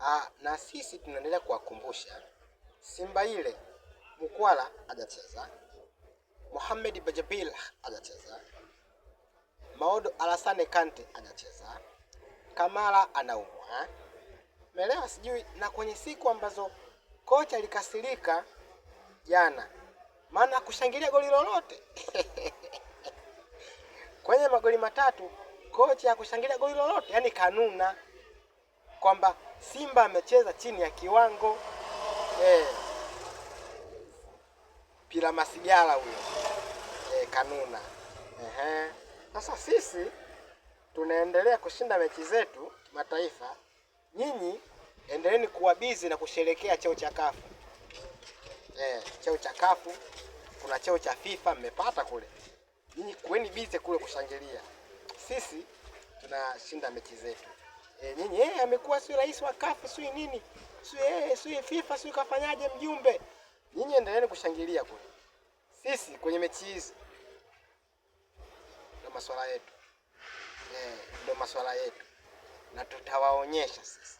Ah, na sisi tunaendelea kuwakumbusha Simba ile Mukwala hajacheza, Mohamed Bajabil hajacheza, Maodo Alasane Kante hajacheza, Kamara anaumwa melewa sijui. Na kwenye siku ambazo kocha alikasirika jana, maana kushangilia goli lolote kwenye magoli matatu, kocha akushangilia goli lolote, yani kanuna kwamba Simba amecheza chini ya kiwango eh. Pila masigara huyo eh, kanuna ehe. Sasa sisi tunaendelea kushinda mechi zetu mataifa, nyinyi endeleeni kuwa bizi na kusherekea cheo cha kafu eh, cheo cha kafu kuna cheo cha FIFA mmepata kule, nyinyi kuweni bize kule kushangilia, sisi tunashinda mechi zetu eh, nyinyi yeye eh, amekuwa si rais wa kafu sio nini sio yeye eh, sio FIFA sio kafanyaje mjumbe. Nyinyi endeleeni kushangilia kule, sisi kwenye mechi hizi ndio masuala yetu eh, ndio masuala yetu na tutawaonyesha sisi